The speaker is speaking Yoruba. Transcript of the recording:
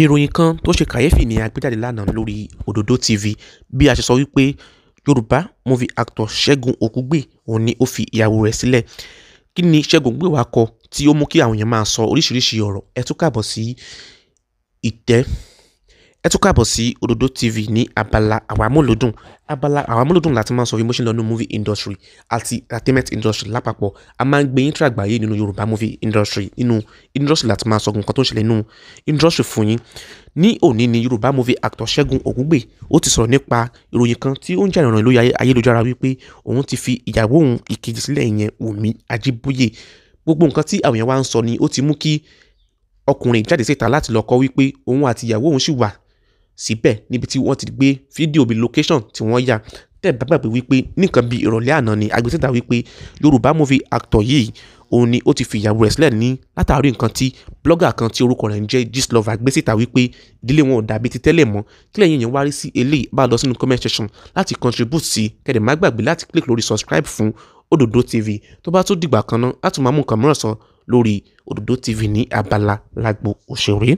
ìròyìn kan tó ṣe kàyéfì ni a gbé jáde lánàá lórí òdòdó tv bí a ṣe sọ wípé yorùbá movie actor ṣẹ́gun ògúngbè òun ni ó fi ìyàwó rẹ̀ sílẹ̀ kí ni ṣẹ́gun ògúngbè wa kọ tí ó mú kí àwọn èèyàn máa sọ oríṣiríṣi ọ̀rọ̀ ẹ tún kàbọ̀ sí ìtẹ́ ẹ tún káàbọ̀ sí òdòdó tv ní abala àwọn amúlòdùn abala àwọn amúlòdùn láti máa ń sọ bí mo ṣe movie industry àti entertainment industry lápapọ̀ a máa ń gbé yín tí nínú yorùbá movie industry nínú industry láti máa sọ nǹkan tó ń ṣẹlẹ̀ nínú industry fún yín ní òní ni yorùbá movie actor ṣẹ́gun ògúngbè ó ti sọ̀rọ̀ nípa ìròyìn kan tí ó ń jà ìrànlọ́ lórí ayélujára wípé òun ti fi ìyàwó òun ìkejì sílẹ̀ ìyẹn wùmí ajíbóyè gbogbo nǹkan tí àwọn èèyàn ń sọ ni ó ti mú kí ọkùnrin jáde síta láti lọ kọ wípé òun àti ìyàwó òun sì wà síbẹ̀ níbi tí wọ́n ti gbé fídíò bíi location tí wọ́n yà tẹ́ bá gbàgbé wípé nìkan bíi ìrọ̀lẹ́ àná ni agbésẹ́ta wípé yorùbá movie actor yìí òun ni ó ti fi ìyàwó rẹ̀ sílẹ̀ ní látàrí nǹkan tí blogger kan tí orúkọ rẹ̀ ń jẹ́ gislover gbé síta wípé ìdílé wọn ò dàbí ti tẹ́lẹ̀ mọ́ kílẹ̀ yìnyín wá rí sí eléyìí bá lọ sínú comment section láti contribute sí kẹ̀dẹ̀ má gbàgbé láti click lórí subscribe fún Òdòdó TV tó bá tún dìgbà kan náà á tún máa mú nǹkan mìíràn sọ lórí Òdòdó TV ní abala lágbo òṣèré